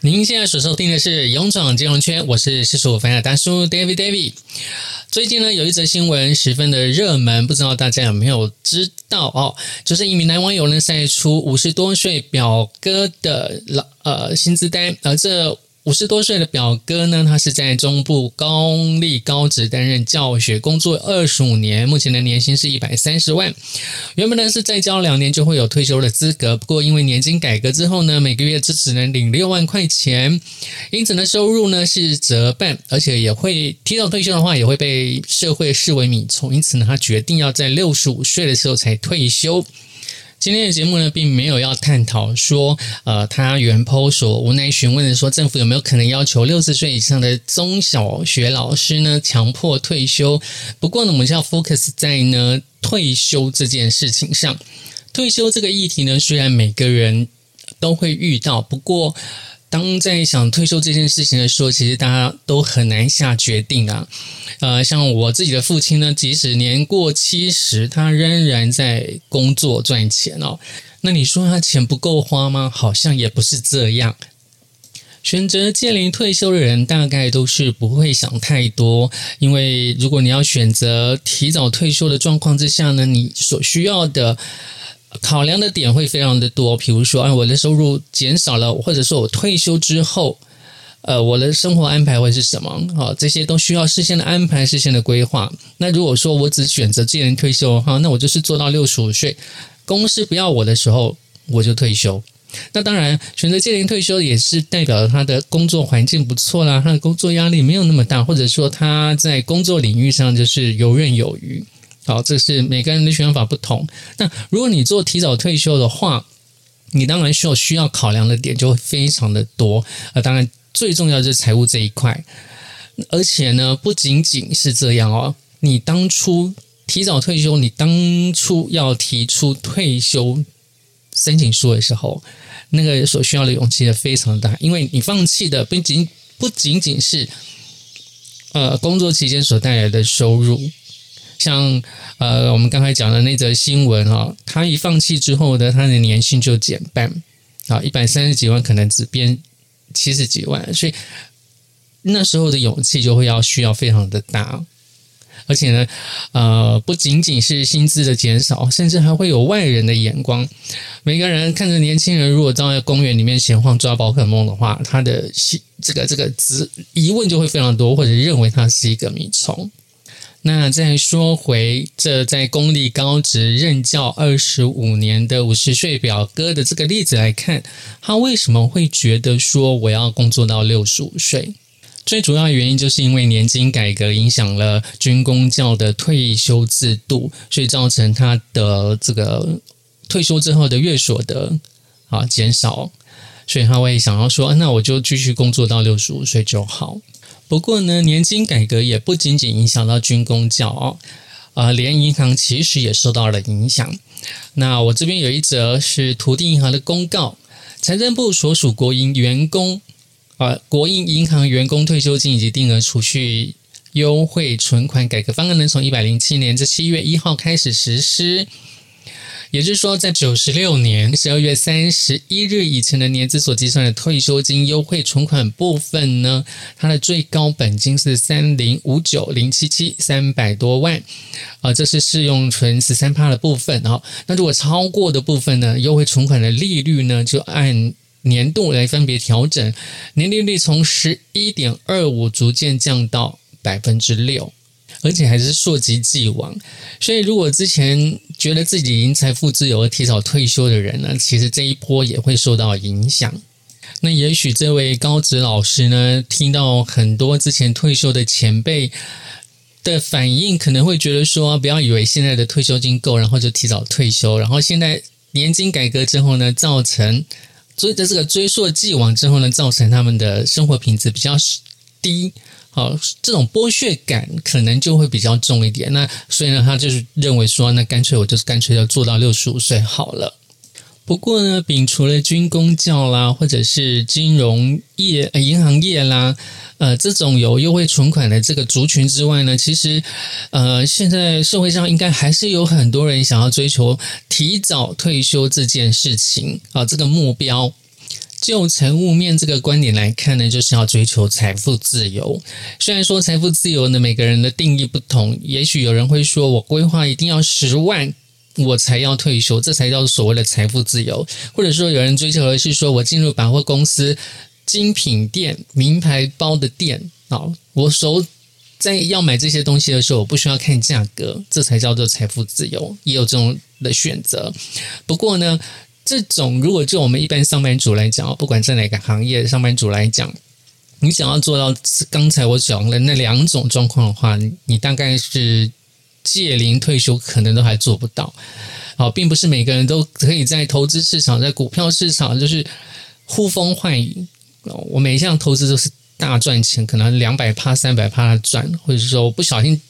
您現在所收聽的是《勇闖金融圈》，我是四十五分的大叔，David David。最近呢，有一則新聞十分的熱門，不知道大家有沒有知道哦？就是一名男網友呢曬出五十多歲表哥的老呃薪資單，而、呃、這。五十多歲的表哥呢，他是在中部公立高職擔任教學工作二十五年，目前的年薪是一百三十萬。原本呢是再教兩年就會有退休的資格，不過因為年金改革之後呢，每個月只只能領六萬塊錢，因此呢收入呢是折半，而且也會提早退休的話，也會被社會視為米蟲，因此呢，他決定要在六十五歲的時候才退休。今天的節目呢，並沒有要探討說，呃，他原 PO 所無奈詢問的說，政府有沒有可能要求六十歲以上的中小學老師呢，強迫退休？不過呢，我們就要 focus 在呢退休這件事情上。退休這個議題呢，雖然每個人都會遇到，不過。當在想退休這件事情的時候，其實大家都很難下決定啊。呃，像我自己的父親呢，即使年過七十，他仍然在工作賺錢哦。那你說他錢不夠花嗎？好像也不是這樣。選擇屆齡退休的人，大概都是不會想太多，因為如果你要選擇提早退休的狀況之下呢，你所需要的。考量的點會非常的多，比如說，啊，我的收入減少了，或者說我退休之後，呃，我的生活安排會是什麼？哈、哦，這些都需要事先的安排、事先的規劃。那如果說我只選擇屆齡退休，哈，那我就是做到六十五歲，公司不要我的時候，我就退休。那當然，選擇屆齡退休也是代表了他的工作環境不錯啦，他的工作壓力沒有那麼大，或者說他在工作領域上就是游刃有餘。好，這是每個人的選法不同。那如果你做提早退休的話，你當然需要需要考量的點就會非常的多。啊、呃，當然最重要就是財務這一塊，而且呢不僅僅是這樣哦。你當初提早退休，你當初要提出退休申請書的時候，那個所需要的勇氣也非常的大，因為你放棄的不僅不僅僅是呃工作期間所帶來的收入。像呃，我們剛才講的那則新聞哈、哦，他一放棄之後呢，他的年薪就減半啊，一百三十幾萬可能只變七十幾萬，所以那時候的勇氣就會要需要非常的大，而且呢，呃，不僅僅是薪資的減少，甚至還會有外人的眼光。每個人看着年輕人如果站在公園裡面閒晃抓寶可夢的話，他的這個這個疑疑、這個、問就會非常多，或者認為他是一個米蟲。那再說回這在公立高職任教二十五年的五十歲表哥的這個例子來看，他為什麼會覺得說我要工作到六十五歲？最主要原因就是因為年金改革影響了軍公教的退休制度，所以造成他的這個退休之後的月所得啊減少，所以他會想要說，那我就繼續工作到六十五歲就好。不過呢，年金改革也不僅僅影響到軍公教哦，啊、呃，連銀行其實也受到了影響。那我這邊有一則是土地銀行的公告，財政部所屬國營員工啊、呃，國營銀行員工退休金以及定額儲蓄優惠存款改革方案，能從一百零七年至七月一號開始實施。也就是說，在九十六年十二月三十一日以前的年資所計算的退休金優惠存款部分呢，它的最高本金是三零五九零七七三百多萬，啊，這是適用存十三趴的部分啊。那如果超過的部分呢，優惠存款的利率呢，就按年度來分別調整，年利率從十一點二五逐漸降到百分之六。而且還是溯及既往，所以如果之前覺得自己因財富自由了，提早退休的人呢，其實這一波也會受到影響。那也許這位高職老師呢，聽到很多之前退休的前輩的反應，可能會覺得說，不要以為現在的退休金夠，然後就提早退休。然後現在年金改革之後呢，造成追在這個追溯既往之後呢，造成他們的生活品質比較低。好，這種剝削感可能就會比較重一點。那所以呢，他就是認為說，那乾脆我就是乾脆要做到六十五歲好了。不過呢，丙除了軍公教啦，或者是金融業、銀行業啦，呃，這種有優惠存款的這個族群之外呢，其實呃，現在社會上應該還是有很多人想要追求提早退休這件事情啊，這個目標。就財務面這個觀點來看呢，就是要追求財富自由。雖然說財富自由呢，每個人的定義不同。也許有人會說，我規劃一定要十萬，我才要退休，這才叫做所謂的財富自由。或者說，有人追求的是，說我進入百貨公司、精品店、名牌包的店啊，我手在要買這些東西的時候，我不需要看價格，這才叫做財富自由。也有這種的選擇。不過呢。這種，如果就我們一般上班族來講，不管在哪個行業，上班族來講，你想要做到剛才我講的那兩種狀況的話，你大概是屆齡退休，可能都還做不到。好、哦，並不是每個人都可以在投資市場，在股票市場就是呼風喚雨，我每一項投資都是大賺錢，可能兩百趴、三百趴的賺，或者說我不小心。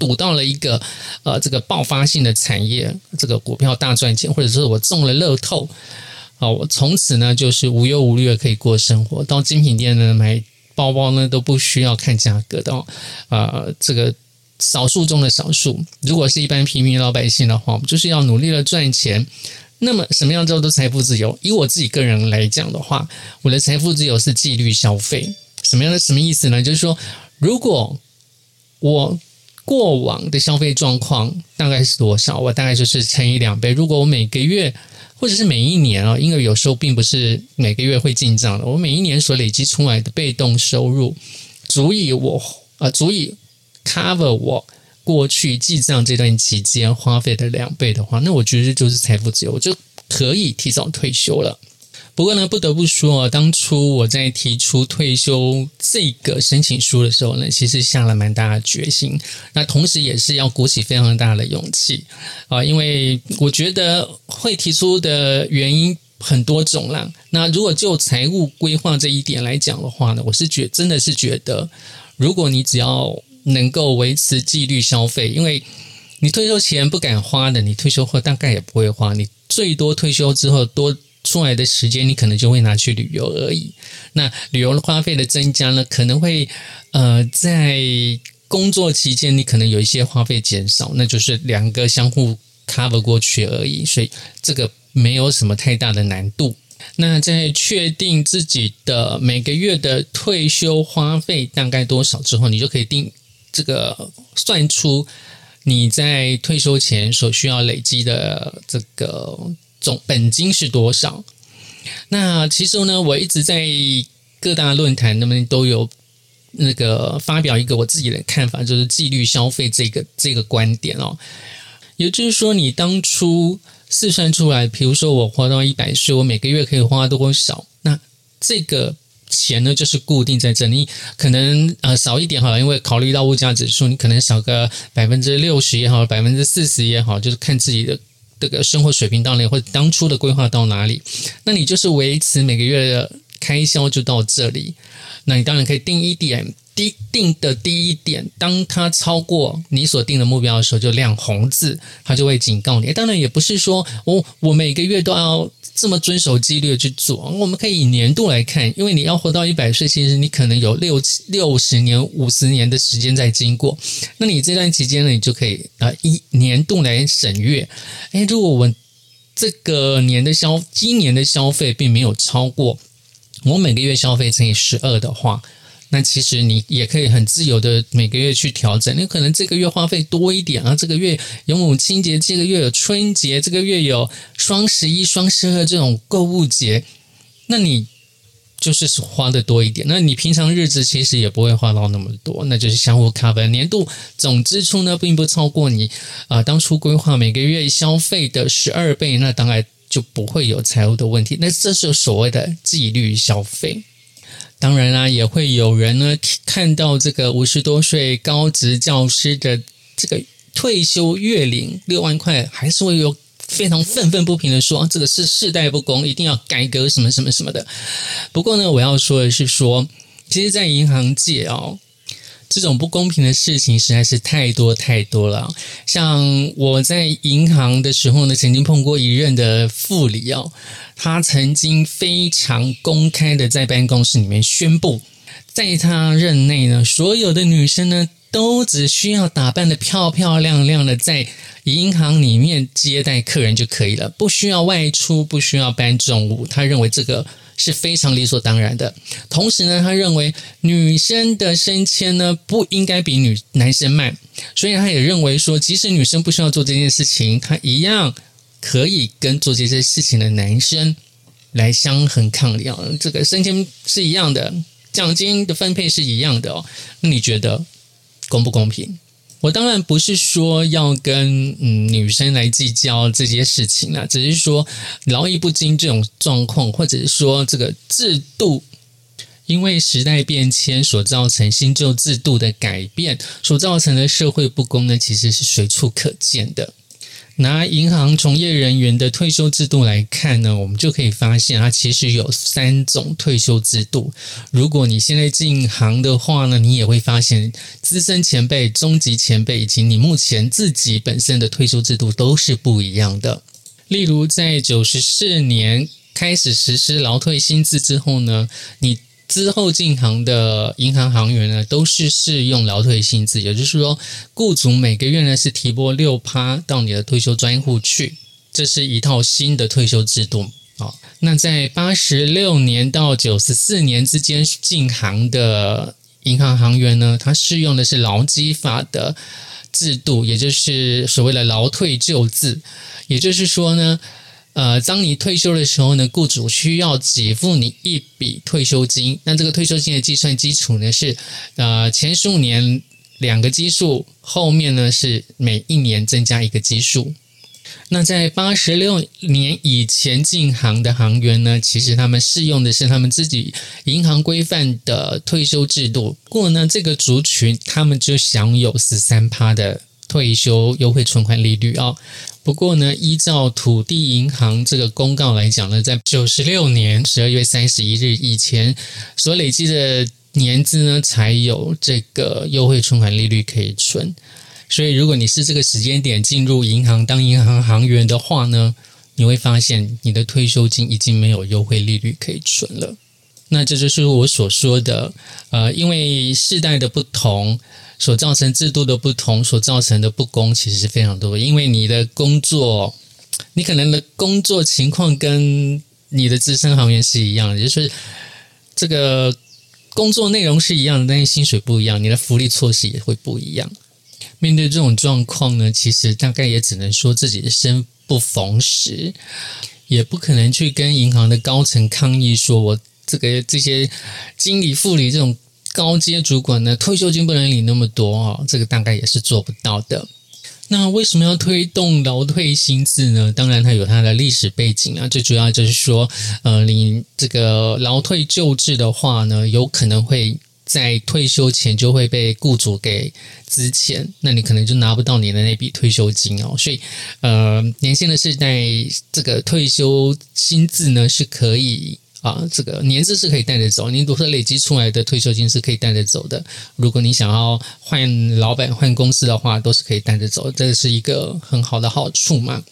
賭到了一個呃，這個爆發性的產業，這個股票大賺錢，或者說我中了樂透，啊、哦，我從此呢就是無憂無慮的可以過生活。到精品店呢買包包呢都不需要看價格的哦、呃。這個少數中的少數，如果是一般平民老百姓的話，我們就是要努力的賺錢。那麼什麼樣叫做財富自由？以我自己個人來講的話，我的財富自由是紀律消費。什麼樣的什麼意思呢？就是說，如果我。過往的消費狀況大概是多少啊？我大概就是乘以兩倍。如果我每個月，或者是每一年啊，因為有時候並不是每個月會進賬的，我每一年所累積出來的被動收入，足以我啊，呃，足以 cover 我過去記賬這段期間花費的兩倍的話，那我覺得就是財富自由，我就可以提早退休了。不過呢，不得不說啊，當初我在提出退休這個申請書的時候呢，其實下了蠻大的決心。那同時也是要鼓起非常大的勇氣啊，因為我覺得會提出的原因很多種啦。那如果就財務規劃這一點來講的話呢，我是覺得真的是覺得，如果你只要能夠維持紀律消費，因為你退休前不敢花的，你退休後大概也不會花，你最多退休之後多。出來的時間，你可能就會拿去旅遊而已。那旅遊的花費的增加呢，可能會呃，在工作期間你可能有一些花費減少，那就是兩個相互 cover 過去而已，所以這個沒有什麼太大的難度。那在確定自己的每個月的退休花費大概多少之後，你就可以定這個算出你在退休前所需要累積的這個。總本金是多少？那其實呢，我一直在各大論壇那邊都有那個發表一個我自己的看法，就是紀律消費這個這個觀點哦。也就是說，你當初試算出來，比如說我活到一百歲，我每個月可以花多少？那這個錢呢，就是固定在這裡，你可能呃少一點好了，因為考慮到物價指數，你可能少個百分之六十也好，百分之四十也好，就是看自己的。這個生活水平到哪裡，或者當初的規劃到哪裡？那你就是維持每個月的。開銷就到這裡，那你當然可以定一點，低，定的低一點，當它超過你所定的目標的時候，就亮紅字，它就會警告你、哎。當然也不是說我我每個月都要這麼遵守紀律去做，我們可以以年度來看，因為你要活到一百歲，其實你可能有六六十年、五十年的時間在經過，那你這段期間呢，你就可以啊一年度來審閱。哎，如果我這個年的消今年的消費並沒有超過。我每個月消費乘以十二的話，那其實你也可以很自由的每個月去調整。你可能這個月花費多一點啊，這個月有母親節，這個月有春節，這個月有雙十一、雙十二這種購物節，那你就是花的多一點。那你平常日子其實也不會花到那麼多，那就是相互 cover。年度總支出呢，並不超過你啊、呃、當初規劃每個月消費的十二倍。那當然。就不會有財務的問題。那這是所謂的紀律消費。當然啦、啊，也會有人呢看到這個五十多歲高職教師的這個退休月領六萬塊，還是會有非常憤憤不平的說：“啊，這個是世代不公，一定要改革什麼什麼什麼的。”不過呢，我要說的是說，其實，在銀行界哦。這種不公平的事情實在是太多太多了。像我在銀行的時候呢，曾經碰過一任的副理哦，他曾經非常公開的在辦公室裡面宣布，在他任內呢，所有的女生呢，都只需要打扮得漂漂亮亮的，在銀行裡面接待客人就可以了，不需要外出，不需要搬重物。他認為這個。是非常理所當然的。同時呢，他認為女生的升遷呢，不應該比女男生慢，所以他也認為說，即使女生不需要做這件事情，他一樣可以跟做這些事情的男生來相衡抗力啊，哦。這個升遷是一樣的，獎金的分配是一樣的哦。那你覺得公不公平？我當然不是說要跟嗯女生來計較這些事情啦啊，只是說勞逸不均這種狀況，或者是說這個制度，因為時代變遷所造成新舊制度的改變，所造成的社會不公呢，其實是隨處可見的。拿銀行從業人員的退休制度來看呢，我們就可以發現，它其實有三種退休制度。如果你現在進行的話呢，你也會發現，資深前輩、中級前輩以及你目前自己本身的退休制度都是不一樣的。例如，在九十四年開始實施勞退新制之後呢，你。之後進行的銀行行員呢，都是適用勞退新制，也就是說，雇主每個月呢是提撥六趴到你的退休專戶去。這是一套新的退休制度啊。那在八十六年到九十四年之間進行的銀行行員呢，他適用的是勞基法的制度，也就是所謂的勞退舊制，也就是說呢。呃，當你退休的時候呢，雇主需要給付你一筆退休金。那這個退休金的計算基礎呢是，呃，前十五年兩個基數，後面呢是每一年增加一個基數。那在八十六年以前進行的行員呢，其實他們適用的是他們自己銀行規範的退休制度。不過呢，這個族群他們就享有十三趴的。退休優惠存款利率啊、哦，不過呢，依照土地銀行這個公告來講呢，在九十六年十二月三十一日以前所累積的年資呢，才有這個優惠存款利率可以存。所以，如果你是這個時間點進入銀行當銀行行員的話呢，你會發現你的退休金已經沒有優惠利率可以存了。那這就是我所說的，呃，因為世代的不同所造成制度的不同所造成的不公，其實是非常多。因為你的工作，你可能的工作情況跟你的資深行員是一樣的，也就是這個工作內容是一樣的，但是薪水不一樣，你的福利措施也會不一樣。面對這種狀況呢，其實大概也只能說自己生不逢時，也不可能去跟銀行的高層抗議說，我。這個這些經理、副理這種高階主管呢，退休金不能領那麼多啊、哦，這個大概也是做不到的。那為什麼要推動勞退新制呢？當然，它有它的歷史背景啊。最主要就是說，呃，你這個勞退舊制的話呢，有可能會在退休前就會被雇主給資遣，那你可能就拿不到你的那筆退休金哦。所以，呃，年輕的世代，這個退休新制呢是可以。啊，這個年資是可以帶着走，您如果累積出來的退休金是可以帶着走的。如果你想要換老闆、換公司的話，都是可以帶着走，這是一個很好的好處嘛。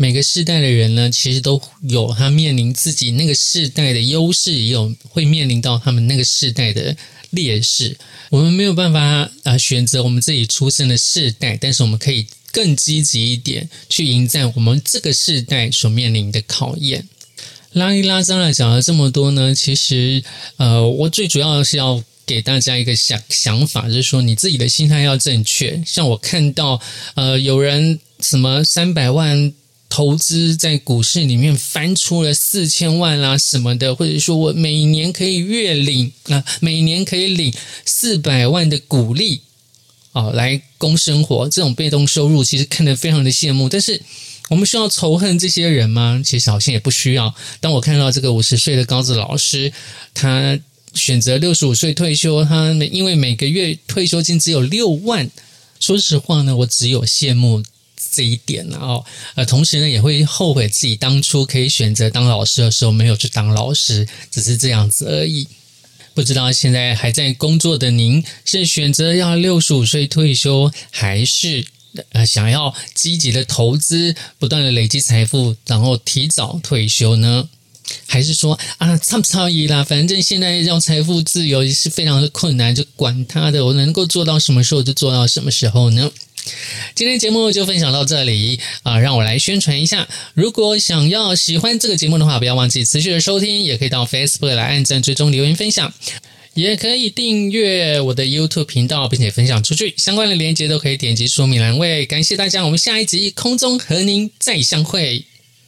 每個世代的人呢，其實都有他面臨自己那個世代的優勢，也有會面臨到他們那個世代的劣勢。我們沒有辦法啊、呃、選擇我們自己出生的世代，但是我們可以更積極一點去迎戰我們這個世代所面臨的考驗。拉一拉，張才講了這麼多呢，其實呃，我最主要是要給大家一個想想法，就是說你自己的心態要正確。像我看到呃，有人什麼三百萬投資在股市裡面翻出了四千萬啦、啊，什麼的，或者說我每年可以月領啊，每年可以領四百萬的股利啊，來供生活，這種被動收入其實看得非常的羨慕，但是。我們需要仇恨這些人嗎？其實好像也不需要。當我看到這個五十歲的高職老師，他選擇六十五歲退休，他每因為每個月退休金只有六萬，說實話呢，我只有羨慕這一點了哦。呃，同時呢，也會後悔自己當初可以選擇當老師的時候沒有去當老師，只是這樣子而已。不知道現在還在工作的您，是選擇要六十五歲退休還是？呃，想要積極的投資，不斷的累積財富，然後提早退休呢？還是說啊，差不多啦？反正現在要財富自由也是非常的困難，就管它的，我能夠做到什麼時候就做到什麼時候呢？今天節目就分享到這裡啊！讓我來宣傳一下，如果想要喜歡這個節目的話，不要忘記持續的收聽，也可以到 Facebook 來按讚、追蹤、留言、分享。也可以訂閱我的 YouTube 頻道，並且分享出去。相關的鏈接都可以點擊說明欄位。感謝大家，我們下一集空中和您再相會。